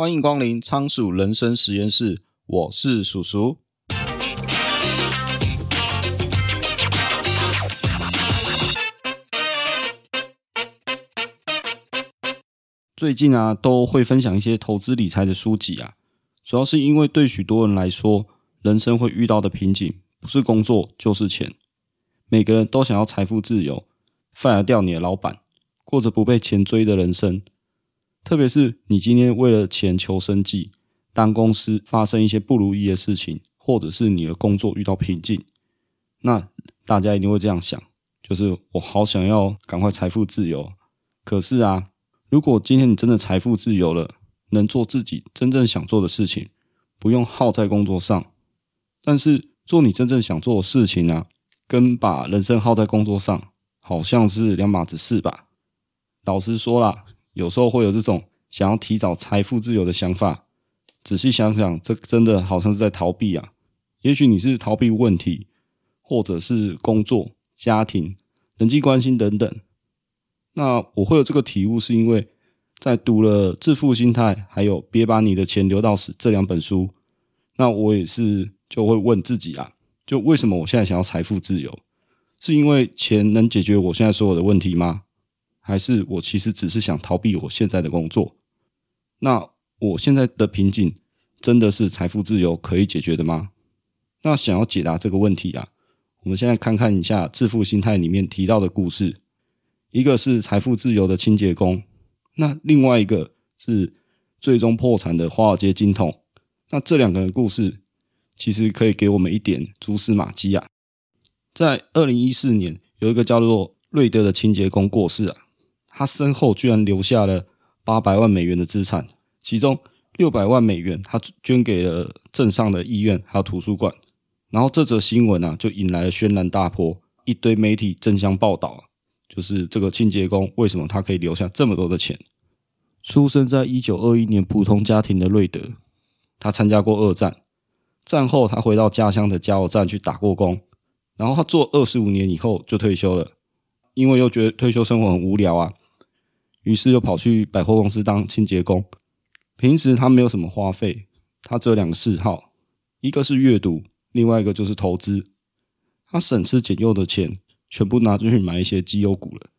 歡迎光臨倉鼠人生實驗室，我是鼠鼠。最近啊，都會分享一些投資理財的書籍啊，主要是因為對許多人來說，人生會遇到的瓶頸不是工作就是錢，每個人都想要財富自由，Fire 掉你的老闆，過着不被錢追的人生。特別是你今天為了錢求生計，當公司發生一些不如意的事情，或者是你的工作遇到瓶頸，那大家一定會這樣想，就是我好想要趕快財富自由。可是啊，如果今天你真的財富自由了，能做自己真正想做的事情，不用耗在工作上，但是做你真正想做的事情啊，跟把人生耗在工作上，好像是兩碼子事吧？老實說啦。有時候會有這種想要提早財富自由的想法，仔細想想，這真的好像是在逃避啊。也許你是逃避問題，或者是工作、家庭、人際關係等等。那我會有這個體悟，是因為在讀了《致富心態》還有《別把你的錢留到死》這兩本書。那我也是就會問自己啊，就為什麼我現在想要財富自由？是因為錢能解決我現在所有的問題嗎？還是我其實只是想逃避我現在的工作，那我現在的瓶頸真的是財富自由可以解決的嗎？那想要解答這個問題啊，我們現在看看一下《致富心態》裡面提到的故事，一個是財富自由的清潔工，那另外一個是最終破產的華爾街金童。那這兩個人的故事其實可以給我們一點蛛絲馬跡啊。在二零一四年，有一個叫做瑞德的清潔工過世啊。他身後居然留下了八百萬美元的資產，其中六百萬美元他捐給了鎮上的醫院還有圖書館。然後這則新聞啊，就引來了軒然大波，一堆媒體爭相報道，就是這個清潔工為什麼他可以留下這麼多的錢？出生在一九二一年普通家庭的瑞德，他參加過二戰，戰後他回到家鄉的加油站去打過工，然後他做二十五年以後就退休了，因為又覺得退休生活很無聊啊。於是又跑去百貨公司當清潔工。平時他沒有什麼花費，他只有兩個嗜好，一個是閱讀，另外一個就是投資。他省吃儉用的錢，全部拿出去買一些績優股了。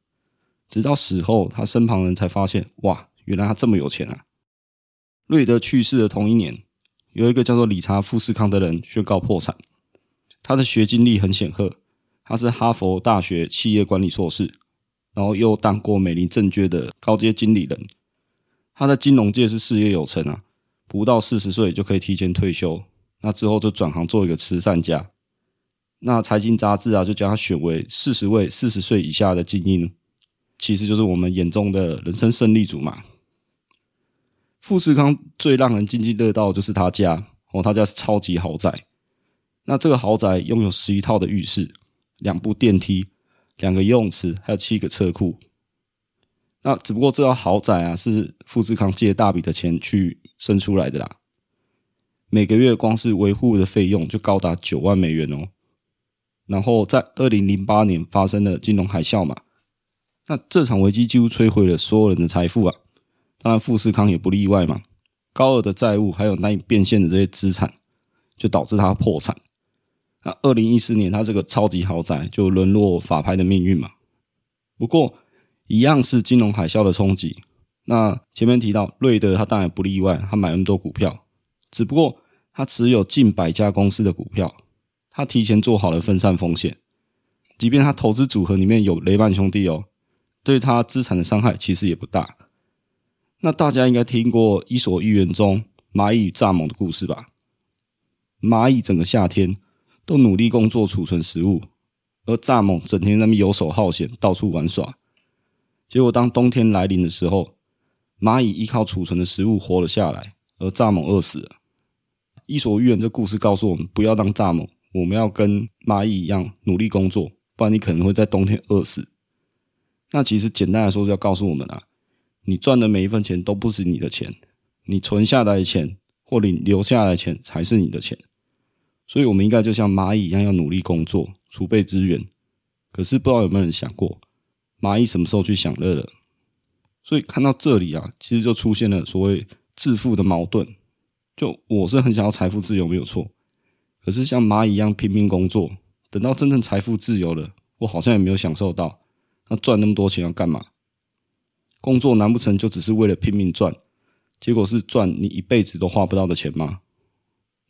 直到死後，他身旁人才發現，哇，原來他這麼有錢啊！瑞德去世的同一年，有一個叫做理查富士康的人宣告破產。他的學經歷很顯赫，他是哈佛大學企業管理碩士。然後又當過美林證券的高階經理人，他在金融界是事業有成啊，不到四十歲就可以提前退休。那之後就轉行做一個慈善家。那財經雜誌啊，就將他選為四十位四十歲以下的精英，其實就是我們眼中的人生勝利組嘛。富士康最讓人津津樂道的就是他家哦，他家是超級豪宅。那這個豪宅擁有十一套的浴室，兩部電梯。兩個游泳池，還有七個車庫。那只不過這套豪宅啊，是富士康借大筆的錢去生出來的啦。每個月光是維護的費用就高達九萬美元哦。然後在二零零八年發生了金融海嘯嘛，那這場危機幾乎摧毀了所有人的財富啊。當然富士康也不例外嘛。高額的債務，還有難以變現的這些資產，就導致他破產。那二零一四年，他這個超級豪宅就淪落法拍的命運嘛。不過，一樣是金融海嘯的衝擊。那前面提到瑞德，他當然不例外，他買那麼多股票，只不過他持有近百家公司的股票，他提前做好了分散風險。即便他投資組合裡面有雷曼兄弟哦，對他資產的傷害其實也不大。那大家應該聽過《伊索寓言》中螞蟻與蚱蜢的故事吧？螞蟻整個夏天。都努力工作儲存食物，而蚱蜢整天在那遊手好閒，到處玩耍。結果當冬天來臨的時候，螞蟻依靠儲存的食物活了下來，而蚱蜢餓死了。伊索寓言這故事告訴我們：不要當蚱蜢，我們要跟螞蟻一樣努力工作，不然你可能會在冬天餓死。那其實簡單來說是要告訴我們啊，你賺的每一分錢都不是你的錢，你存下來的錢或你留下來的錢才是你的錢。所以，我們應該就像螞蟻一樣，要努力工作，儲備資源。可是，不知道有沒有人想過，螞蟻什麼時候去享樂了？所以，看到這裡啊，其實就出現了所謂致富的矛盾。就我是很想要財富自由，沒有錯。可是，像螞蟻一樣拼命工作，等到真正財富自由了，我好像也沒有享受到。那賺那麼多錢要幹嘛？工作難不成就只是為了拼命賺，結果是賺你一輩子都花不到的錢嗎？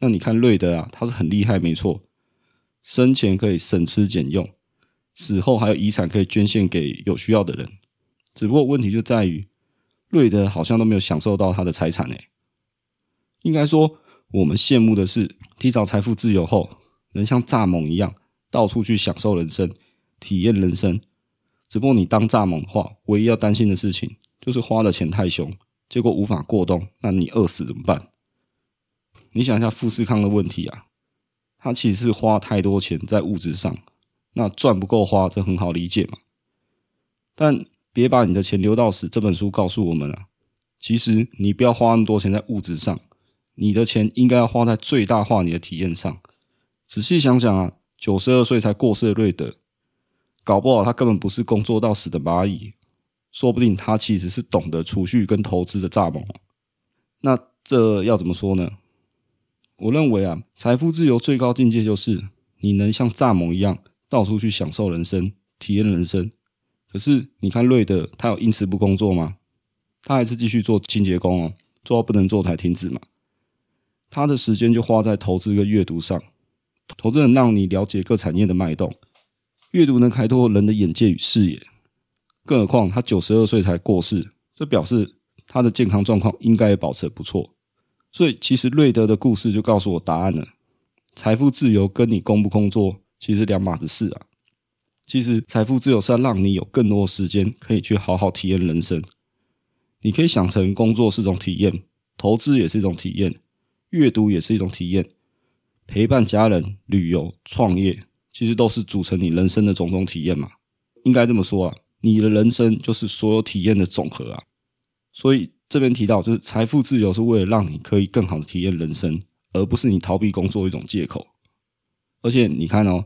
那你看瑞德啊，他是很厲害，沒錯。生前可以省吃儉用，死後還有遺產可以捐獻給有需要的人。只不過問題就在於，瑞德好像都沒有享受到他的財產呢、欸。應該說，我們羨慕的是，提早財富自由後，能像蚱蜢一樣到處去享受人生、體驗人生。只不過你當蚱蜢的話，唯一要擔心的事情就是花的錢太兇，結果無法過冬，那你餓死怎麼辦？你想一下富士康的問題啊，他其實是花太多錢在物質上，那賺不夠花，這很好理解嘛。但別把你的錢留到死。這本書告訴我們啊，其實你不要花那麼多錢在物質上，你的錢應該要花在最大化你的體驗上。仔細想想啊，九十二歲才過世的瑞德，搞不好他根本不是工作到死的螞蟻，說不定他其實是懂得儲蓄跟投資的蚱蜢。那這要怎麼說呢？我認為啊，財富自由最高境界就是你能像蚱蜢一樣到處去享受人生、體驗人生。可是你看瑞德，他有因此不工作嗎？他還是繼續做清潔工哦，做到不能做才停止嘛。他的時間就花在投資跟閱讀上。投資能讓你了解各產業的脈動，閱讀能開拓人的眼界與視野。更何況他九十二歲才過世，這表示他的健康狀況應該也保持不錯。所以，其實瑞德的故事就告訴我答案了：財富自由跟你工不工作，其實兩碼子事啊。其實，財富自由是要讓你有更多的時間，可以去好好體驗人生。你可以想成，工作是一種體驗，投資也是一種體驗，閱讀也是一種體驗，陪伴家人、旅遊、創業，其實都是組成你人生的種種體驗嘛。應該這麼說啊，你的人生就是所有體驗的總和啊。所以。這邊提到，就是財富自由是為了讓你可以更好的體驗人生，而不是你逃避工作的一種借口。而且你看哦，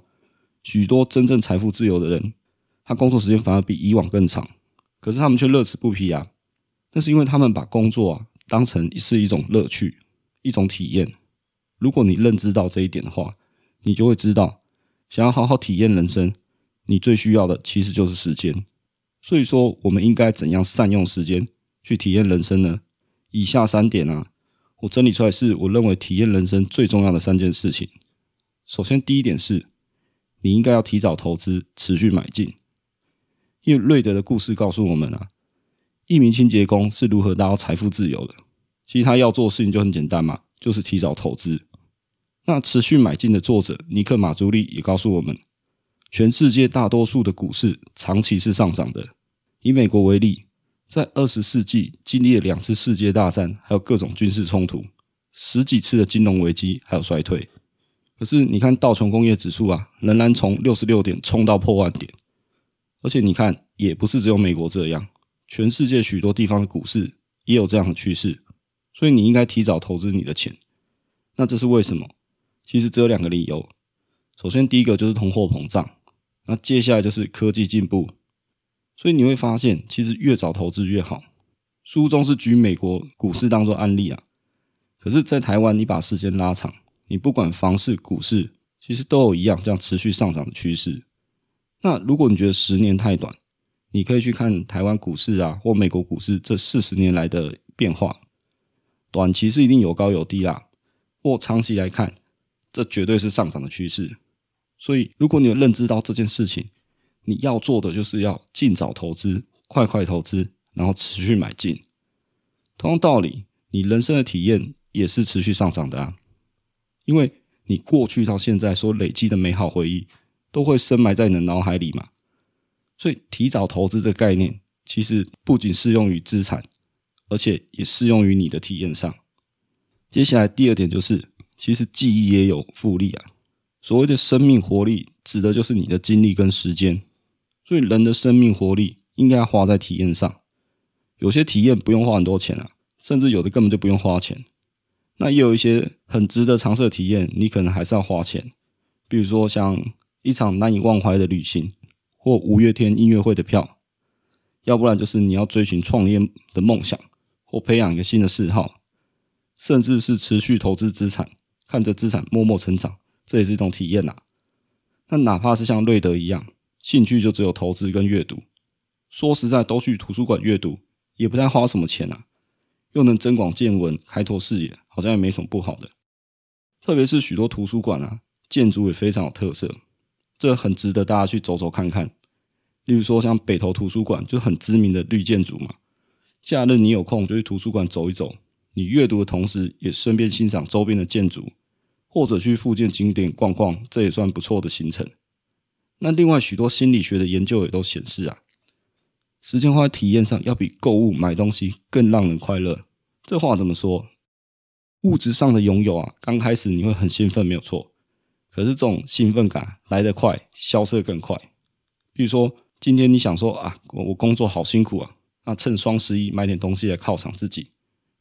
許多真正財富自由的人，他工作時間反而比以往更長，可是他們卻樂此不疲啊。那是因為他們把工作啊當成是一種樂趣，一種體驗。如果你認知到這一點的話，你就會知道，想要好好體驗人生，你最需要的其實就是時間。所以說，我們應該怎樣善用時間，去體驗人生呢？以下三點啊，我整理出來，是我認為體驗人生最重要的三件事情。首先，第一點是，你應該要提早投資，持續買進。因為瑞德的故事告訴我們啊，一名清潔工是如何達到財富自由的。其實他要做的事情就很簡單嘛，就是提早投資。那持續買進的作者尼克馬朱利也告訴我們，全世界大多數的股市長期是上漲的。以美國為例，在二十世紀經歷了兩次世界大戰，還有各種軍事衝突，十幾次的金融危機，還有衰退。可是你看道瓊工業指數啊，仍然從六十六點衝到破萬點。而且你看，也不是只有美國這樣，全世界許多地方的股市也有這樣的趨勢。所以你應該提早投資你的錢。那這是為什麼？其實只有兩個理由。首先，第一個就是通貨膨脹，那接下來就是科技進步。所以你會發現，其實越早投資越好。書中是舉美國股市當做案例啊，可是，在台灣你把時間拉長，你不管房市、股市，其實都有一樣這樣持續上漲的趨勢。那如果你覺得十年太短，你可以去看台灣股市啊，或美國股市這四十年來的變化。短期是一定有高有低啦，或長期來看，這絕對是上漲的趨勢。所以，如果你有認知到這件事情，你要做的就是要盡早投資，快快投資，然後持續買進。同樣道理，你人生的體驗也是持續上漲的啊，因為你過去到現在所累積的美好回憶都會深埋在你的腦海裡嘛。所以，提早投資這個概念其實不僅適用於資產，而且也適用於你的體驗上。接下來第二點就是，其實記憶也有複利啊。所謂的生命活力，指的就是你的精力跟時間。所以人的生命活力應該要花在體驗上，有些體驗不用花很多錢啊，甚至有的根本就不用花錢。那也有一些很值得嘗試的體驗，你可能還是要花錢，比如說像一場難以忘懷的旅行，或五月天音樂會的票，要不然就是你要追尋創業的夢想，或培養一個新的嗜好，甚至是持續投資資產，看着資產默默成長，這也是一種體驗啊。那哪怕是像瑞德一樣。興趣就只有投資跟閱讀，說實在，都去圖書館閱讀，也不太花什麼錢啊，又能增廣見聞、開拓視野，好像也沒什麼不好的。特別是許多圖書館啊，建築也非常有特色，這很值得大家去走走看看。例如說，像北投圖書館，就很知名的綠建築嘛。假日你有空，就去圖書館走一走，你閱讀的同時，也順便欣賞周邊的建築，或者去附近景點逛逛，這也算不錯的行程。那另外許多心理學的研究也都顯示啊，時間花在體驗上，要比購物買東西更讓人快樂。這話怎麼說？物質上的擁有啊，剛開始你會很興奮，沒有錯。可是這種興奮感來得快，消逝更快。比如說，今天你想說啊，我我工作好辛苦啊，那趁雙十一買點東西來犒賞自己。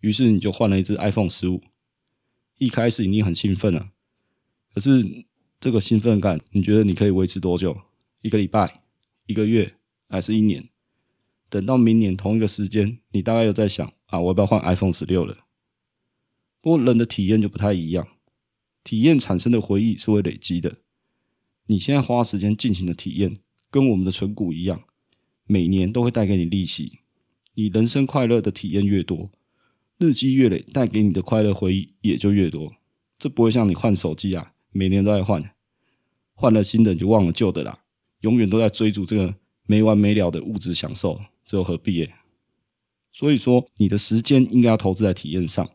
於是你就換了一隻 iPhone 十五，一開始你很興奮啊，可是這個興奮感，你覺得你可以維持多久？一個禮拜、一個月，還是一年？等到明年同一個時間，你大概又在想：啊，我要不要換 iPhone 十六了？不過人的體驗就不太一樣，體驗產生的回憶是會累積的。你現在花時間進行的體驗，跟我們的存股一樣，每年都會帶給你利息。你人生快樂的體驗越多，日積月累帶給你的快樂回憶也就越多。這不會像你換手機啊，每年都在換。換了新的你就忘了舊的啦，永遠都在追逐這個沒完沒了的物質享受，這又何必呢？所以說，你的時間應該要投資在體驗上。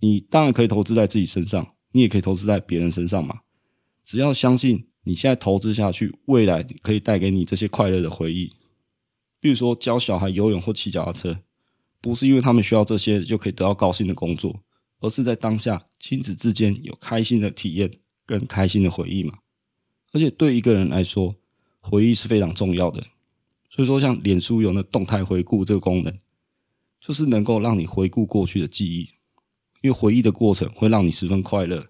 你當然可以投資在自己身上，你也可以投資在別人身上嘛。只要相信你現在投資下去，未來可以帶給你這些快樂的回憶。比如說教小孩游泳或騎腳踏車，不是因為他們需要這些就可以得到高薪的工作，而是在當下親子之間有開心的體驗跟開心的回憶嘛。而且對一個人來說，回憶是非常重要的。所以說，像臉書有那動態回顧這個功能，就是能夠讓你回顧過去的記憶。因為回憶的過程會讓你十分快樂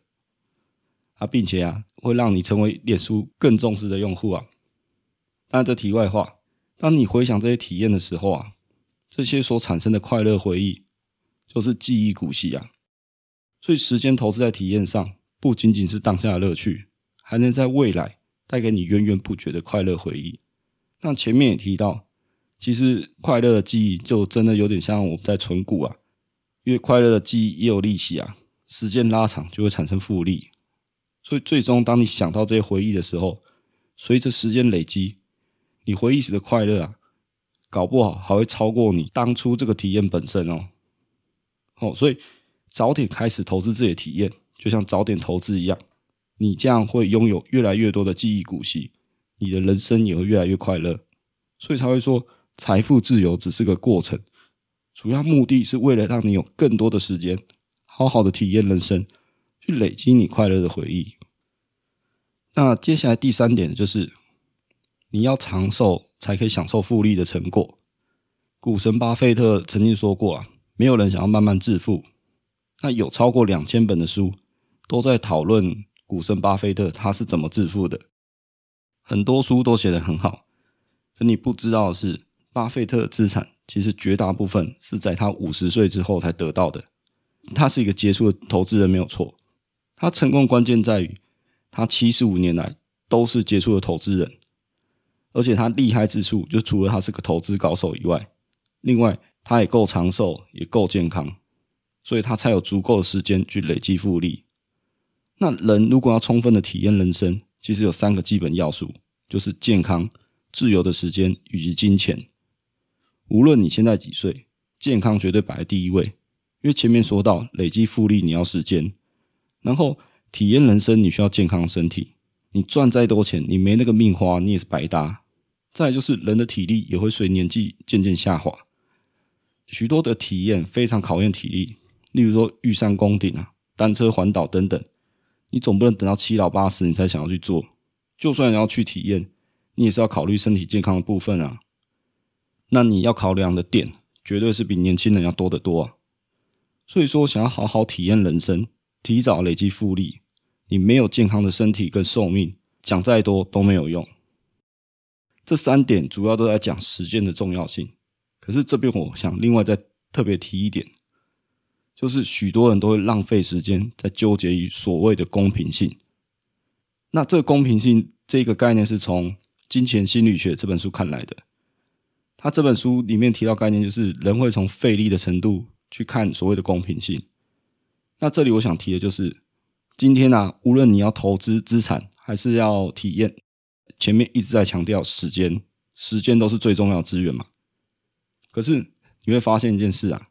啊，並且啊，會讓你成為臉書更重視的用戶啊。但這題外話，當你回想這些體驗的時候啊，這些所產生的快樂回憶就是記憶股息啊。所以，時間投資在體驗上，不僅僅是當下的樂趣。還能在未來帶給你源源不絕的快樂回憶。那前面也提到，其實快樂的記憶就真的有點像我們在存股啊，因為快樂的記憶也有利息啊，時間拉長就會產生複利。所以最終，當你想到這些回憶的時候，隨着時間累積，你回憶時的快樂啊，搞不好還會超過你當初這個體驗本身哦。哦，所以早點開始投資自己的體驗，就像早點投資一樣。你將會擁有越來越多的記憶股息，你的人生也會越來越快樂，所以才會說，財富自由只是個過程，主要目的是為了讓你有更多的時間，好好的體驗人生，去累積你快樂的回憶。那接下來第三點就是，你要長壽才可以享受複利的成果。股神巴菲特曾經說過啊，沒有人想要慢慢致富，那有超過兩千本的書都在討論。股神巴菲特他是怎麼致富的？很多書都寫得很好，可你不知道的是，巴菲特的資產其實絕大部分是在他五十歲之後才得到的。他是一個傑出的投資人，沒有錯。他成功的關鍵在於他七十五年來都是傑出的投資人，而且他厲害之處就除了他是個投資高手以外，另外他也夠長壽，也夠健康，所以他才有足夠的時間去累積複利。那人如果要充分的體驗人生，其實有三個基本要素，就是健康、自由的時間以及金錢。無論你現在幾歲，健康絕對擺在第一位。因為前面說到累積複利，你要時間；然後體驗人生，你需要健康的身體。你賺再多錢，你沒那個命花，你也是白搭。再來就是人的體力也會隨年紀漸漸下滑，許多的體驗非常考驗體力，例如說玉山攻頂啊、單車環島等等。你總不能等到七老八十你才想要去做，就算你要去體驗，你也是要考慮身體健康的部分啊。那你要考量的點，絕對是比年輕人要多得多啊。所以說，想要好好體驗人生，提早累積複利，你沒有健康的身體跟壽命，講再多都沒有用。這三點主要都在講時間的重要性。可是這邊，我想另外再特別提一點。就是許多人都會浪費時間在糾結於所謂的公平性。那這公平性這個概念是從《金錢心理學》這本書看來的。它這本書裡面提到概念，就是人會從費力的程度去看所謂的公平性。那這裡我想提的就是，今天啊，無論你要投資資產，還是要體驗，前面一直在強調時間，時間都是最重要的資源嘛。可是你會發現一件事啊。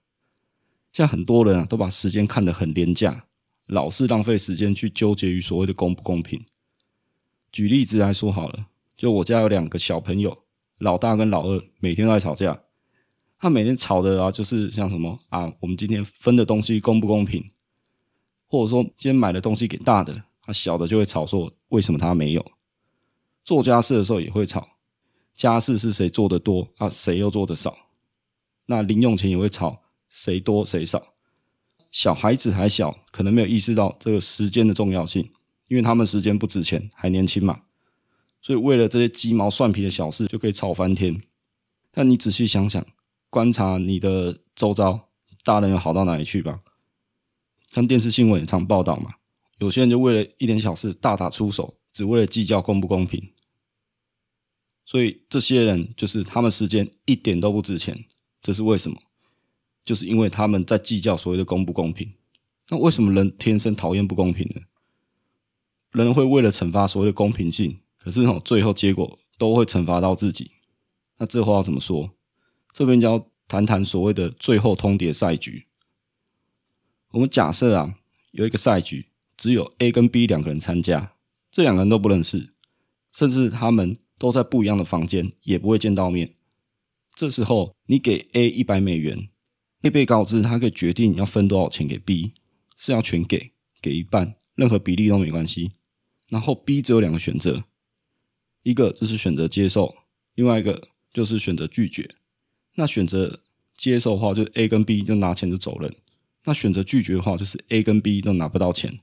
像很多人啊都把時間看得很廉價，老是浪費時間去糾結於所謂的公不公平。舉例子來說好了，就我家有兩個小朋友，老大跟老二，每天都在吵架。他每天吵的啊，就是像什麼啊，我們今天分的東西公不公平，或者說今天買的東西給大的，他、啊、小的就會吵說，為什麼他沒有。做家事的時候也會吵，家事是誰做的多啊，誰又做的少？那零用錢也會吵。誰多誰少？小孩子還小，可能沒有意識到這個時間的重要性，因為他們時間不值錢，還年輕嘛。所以為了這些雞毛蒜皮的小事就可以吵翻天。但你仔細想想，觀察你的周遭，大人又好到哪裡去吧？看電視新聞也常報道嘛，有些人就為了一點小事大打出手，只為了計較公不公平。所以這些人就是他們時間一點都不值錢，這是為什麼？就是因為他們在計較所謂的公不公平。那為什麼人天生討厭不公平呢？人會為了懲罰所謂的公平性，可是呢、哦，最後結果都會懲罰到自己。那這話要怎麼說？這邊就要談談所謂的最後通牒賽局。我們假設啊，有一個賽局，只有 A 跟 B 兩個人參加，這兩個人都不認識，甚至他們都在不一樣的房間，也不會見到面。這時候，你給 A 一百美元。A 被告知，他可以決定要分多少錢給 B，是要全給，給一半，任何比例都沒關係。然後 B 只有兩個選擇，一個就是選擇接受，另外一個就是選擇拒絕。那選擇接受的話，就是 A 跟 B 就拿錢就走人；那選擇拒絕的話，就是 A 跟 B 都拿不到錢。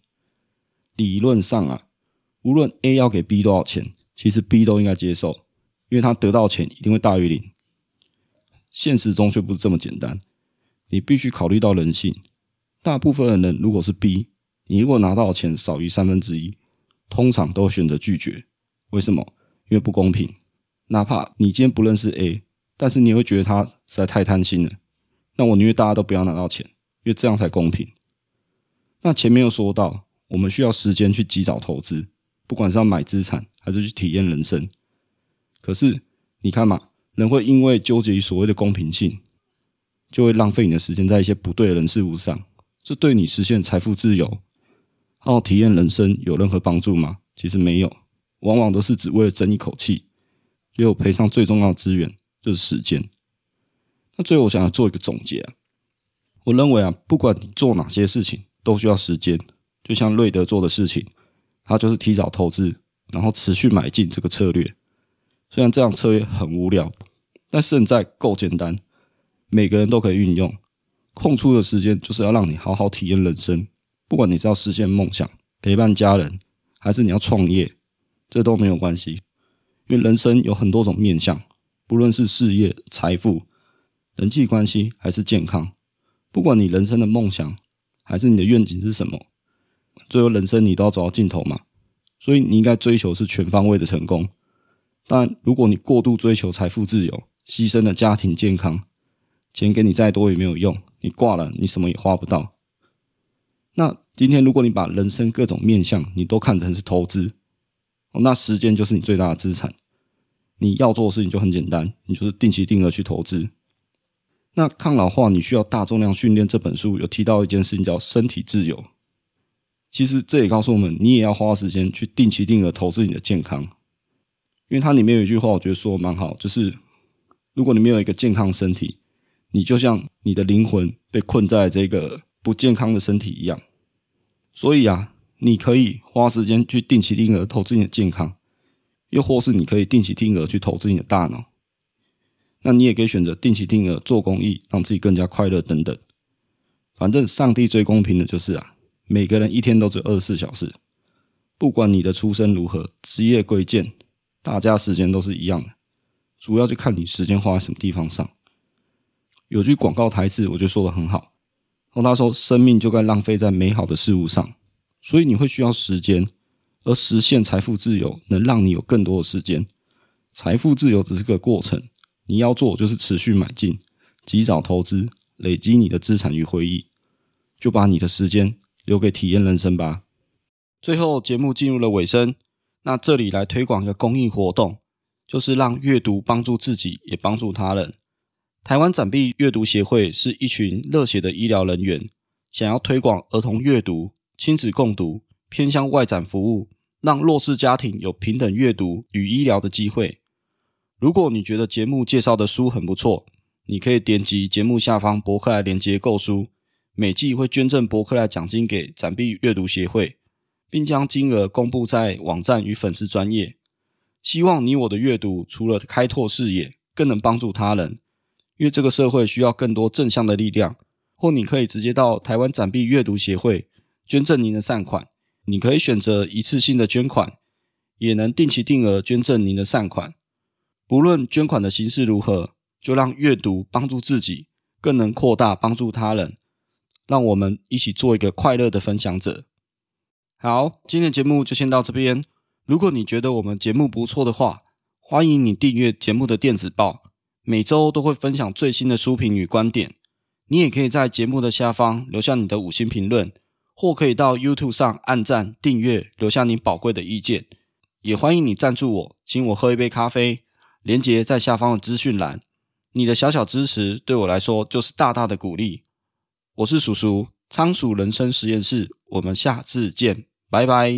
理論上啊，無論 A 要給 B 多少錢，其實 B 都應該接受，因為他得到錢一定會大於零。現實中卻不是這麼簡單。你必須考慮到人性，大部分的人如果是 B，你如果拿到的錢少於三分之一，通常都會選擇拒絕。為什麼？因為不公平。哪怕你今天不認識 A，但是你也會覺得他實在太貪心了。那我寧願大家都不要拿到錢，因為這樣才公平。那前面又說到，我們需要時間去及早投資，不管是要買資產還是去體驗人生。可是你看嘛，人會因為糾結於所謂的公平性。就會浪費你的時間在一些不對的人事物上，這對你實現財富自由，然後體驗人生有任何幫助嗎？其實沒有，往往都是只為了爭一口氣，只有賠上最重要的資源，就是時間。那最後我想要做一個總結，啊，我認為啊，不管你做哪些事情，都需要時間。就像瑞德做的事情，他就是提早投資，然後持續買進這個策略。雖然這樣策略很無聊，但勝在夠簡單。每個人都可以運用空出的時間，就是要讓你好好體驗人生。不管你是要實現夢想、陪伴家人，還是你要創業，這都沒有關係，因為人生有很多種面向。不論是事業、財富、人際關係，還是健康，不管你人生的夢想還是你的願景是什麼，最後人生你都要走到盡頭嘛。所以你應該追求是全方位的成功。但如果你過度追求財富自由，犧牲了家庭健康，錢給你再多也沒有用，你掛了，你什麼也花不到。那今天如果你把人生各種面向你都看成是投資，哦，那時間就是你最大的資產。你要做的事情就很簡單，你就是定期定額去投資。那抗老化，你需要大重量訓練。這本書有提到一件事情，叫身體自由。其實這也告訴我們，你也要花時間去定期定額投資你的健康，因為它裡面有一句話，我覺得說得蠻好，就是如果你沒有一個健康身體。你就像你的靈魂被困在這個不健康的身體一樣，所以啊，你可以花時間去定期定額投資你的健康，又或是你可以定期定額去投資你的大腦。那你也可以選擇定期定額做公益，讓自己更加快樂等等。反正上帝最公平的就是啊，每個人一天都只有二十四小時，不管你的出身如何、職業貴賤，大家時間都是一樣的，主要就看你時間花在什麼地方上。有句廣告台詞，我就說得說的很好。然後他說：“生命就該浪費在美好的事物上，所以你會需要時間，而實現財富自由能讓你有更多的時間。財富自由只是個過程，你要做就是持續買進、及早投資、累積你的資產與回憶，就把你的時間留給體驗人生吧。”最後，節目進入了尾聲，那這裡來推廣一個公益活動，就是讓閱讀幫助自己，也幫助他人。台灣展臂閱讀協會是一群熱血的醫療人員，想要推廣兒童閱讀、親子共讀、偏鄉外展服務，讓弱勢家庭有平等閱讀與醫療的機會。如果你覺得節目介紹的書很不錯，你可以點擊節目下方博客來連結購書。每季會捐贈博客來獎金給展臂閱讀協會，並將金額公布在網站與粉絲專頁。希望你我的閱讀除了開拓視野，更能幫助他人。因為這個社會需要更多正向的力量，或你可以直接到台灣展臂閱讀協會捐贈您的善款。你可以選擇一次性的捐款，也能定期定額捐贈您的善款。不論捐款的形式如何，就讓閱讀幫助自己，更能擴大幫助他人。讓我們一起做一個快樂的分享者。好，今天的節目就先到這邊。如果你覺得我們節目不錯的話，歡迎你訂閱節目的電子報。每週都會分享最新的書評與觀點，你也可以在節目的下方留下你的五星評論，或可以到 YouTube 上按讚、訂閱，留下你寶貴的意見。也歡迎你贊助我，請我喝一杯咖啡，連結在下方的資訊欄。你的小小支持對我來說就是大大的鼓勵。我是鼠鼠，倉鼠人生實驗室，我們下次見，拜拜。